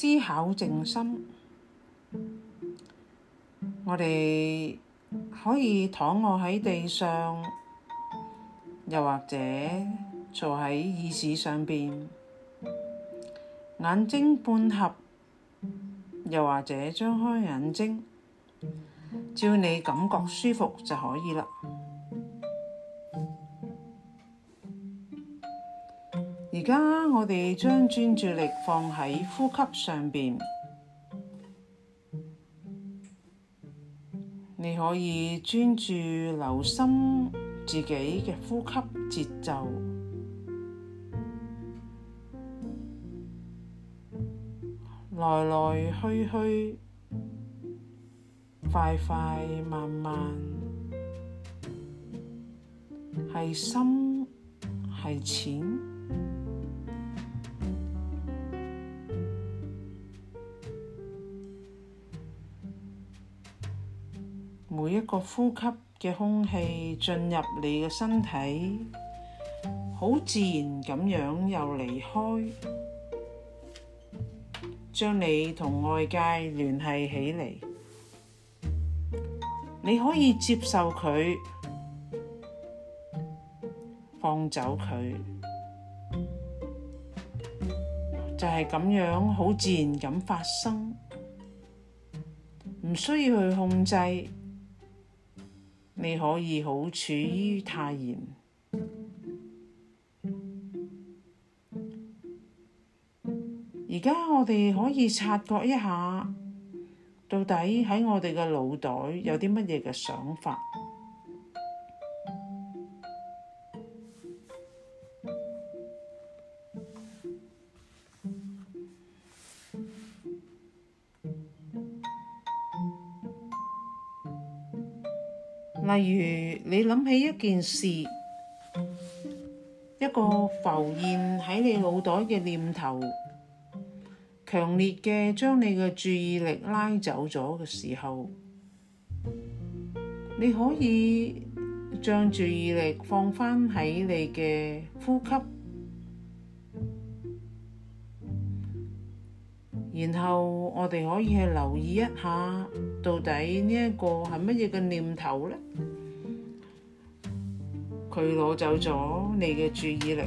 思考靜心，我哋可以躺卧喺地上，又或者坐喺椅子上邊，眼睛半合，又或者張開眼睛，只要你感覺舒服就可以啦。而家我哋將專注力放喺呼吸上面，你可以專注留心自己嘅呼吸節奏，來來去去，快快慢慢，係深係淺。個呼吸嘅空氣進入你嘅身體，好自然咁樣又離開，將你同外界聯繫起嚟。你可以接受佢，放走佢，就係咁樣好自然咁發生，唔需要去控制。你可以好處於泰然，而家我哋可以察覺一下，到底喺我哋嘅腦袋有啲乜嘢嘅想法。例如，你諗起一件事，一個浮現喺你腦袋嘅念頭，強烈嘅將你嘅注意力拉走咗嘅時候，你可以將注意力放返喺你嘅呼吸。然後我哋可以去留意一下，到底呢一個係乜嘢嘅念頭咧？佢攞走咗你嘅注意力，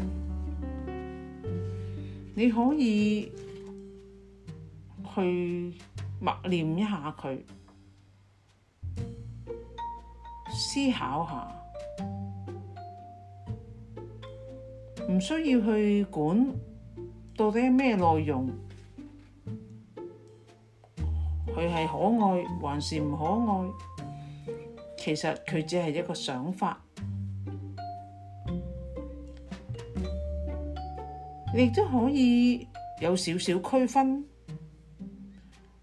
你可以去默念一下佢，思考下，唔需要去管到底係咩內容。佢係可愛還是唔可愛？其實佢只係一個想法，亦都可以有少少區分。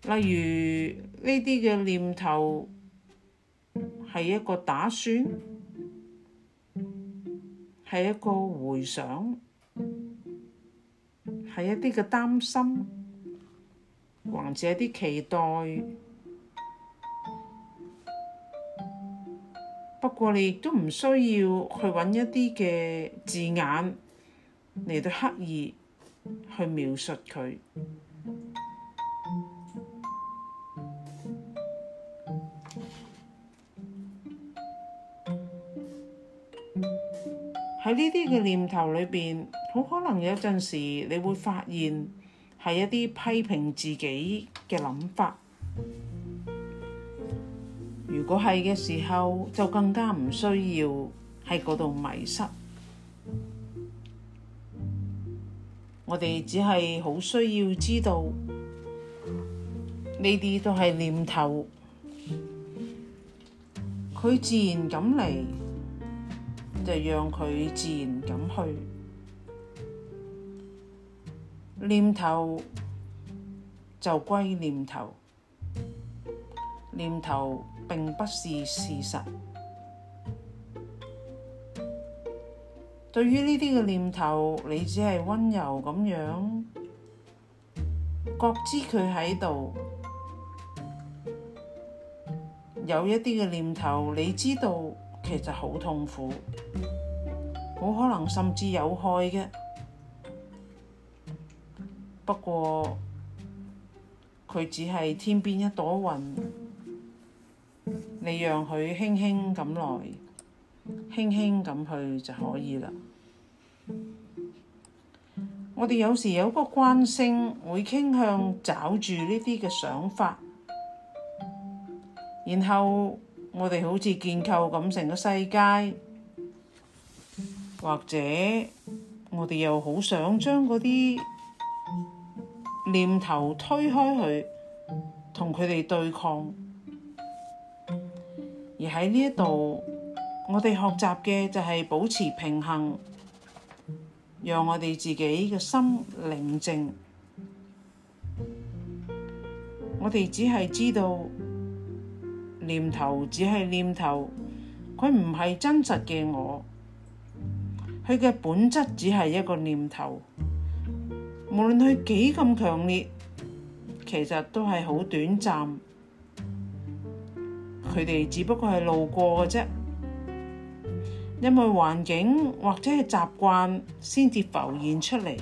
例如呢啲嘅念頭係一個打算，係一個回想，係一啲嘅擔心。或者啲期待，不過你亦都唔需要去揾一啲嘅字眼嚟到刻意去描述佢。喺呢啲嘅念頭裏邊，好可能有陣時你會發現，係一啲批評自己嘅諗法，如果係嘅時候，就更加唔需要喺嗰度迷失。我哋只係好需要知道呢啲都係念頭，佢自然咁嚟，就讓佢自然咁去。念頭就歸念頭，念頭並不是事實。對於呢啲嘅念頭，你只係溫柔咁樣覺知佢喺度，有一啲嘅念頭，你知道其實好痛苦，好可能甚至有害嘅。不過，佢只係天邊一朵雲，你讓佢輕輕咁來，輕輕咁去就可以啦。我哋有時有個慣性，會傾向抓住呢啲嘅想法，然後我哋好似建構咁成個世界，或者我哋又好想將嗰啲念頭推開佢，同佢哋對抗，而喺呢一度，我哋學習嘅就係保持平衡，讓我哋自己嘅心寧靜。我哋只係知道，念頭只係念頭，佢唔係真實嘅我，佢嘅本質只係一個念頭。無論佢幾咁強烈，其實都係好短暫。佢哋只不過係路過嘅啫，因為環境或者係習慣先至浮現出嚟。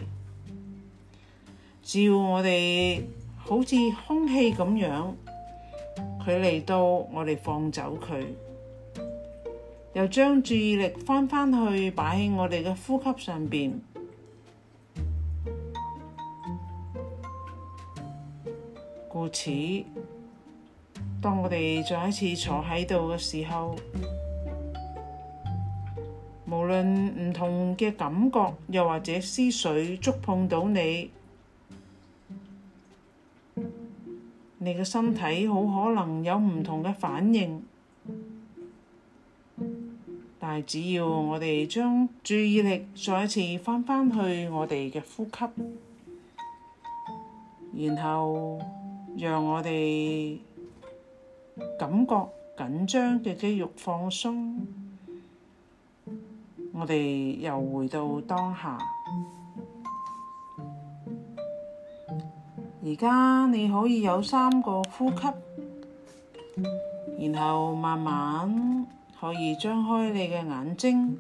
只要我哋好似空氣咁樣，佢嚟到我哋放走佢，又將注意力翻返去擺喺我哋嘅呼吸上邊。故此，當我哋再一次坐喺度嘅時候，無論唔同嘅感覺，又或者思緒觸碰到你，你嘅身體好可能有唔同嘅反應。但係只要我哋將注意力再一次翻返去我哋嘅呼吸，然後。讓我哋感覺緊張嘅肌肉放鬆，我哋又回到當下。而家你可以有三個呼吸，然後慢慢可以張開你嘅眼睛。